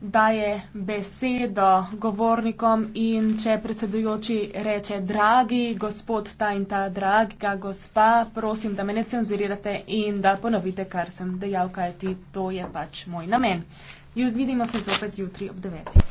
daje besedo govornikom in če predsedujoči reče dragi gospod ta in ta draga gospa, prosim, da me ne cenzurirate in da ponovite, kar sem dejal, kaj ti, to je pač moj namen. Vidimo se zopet jutri ob devetih.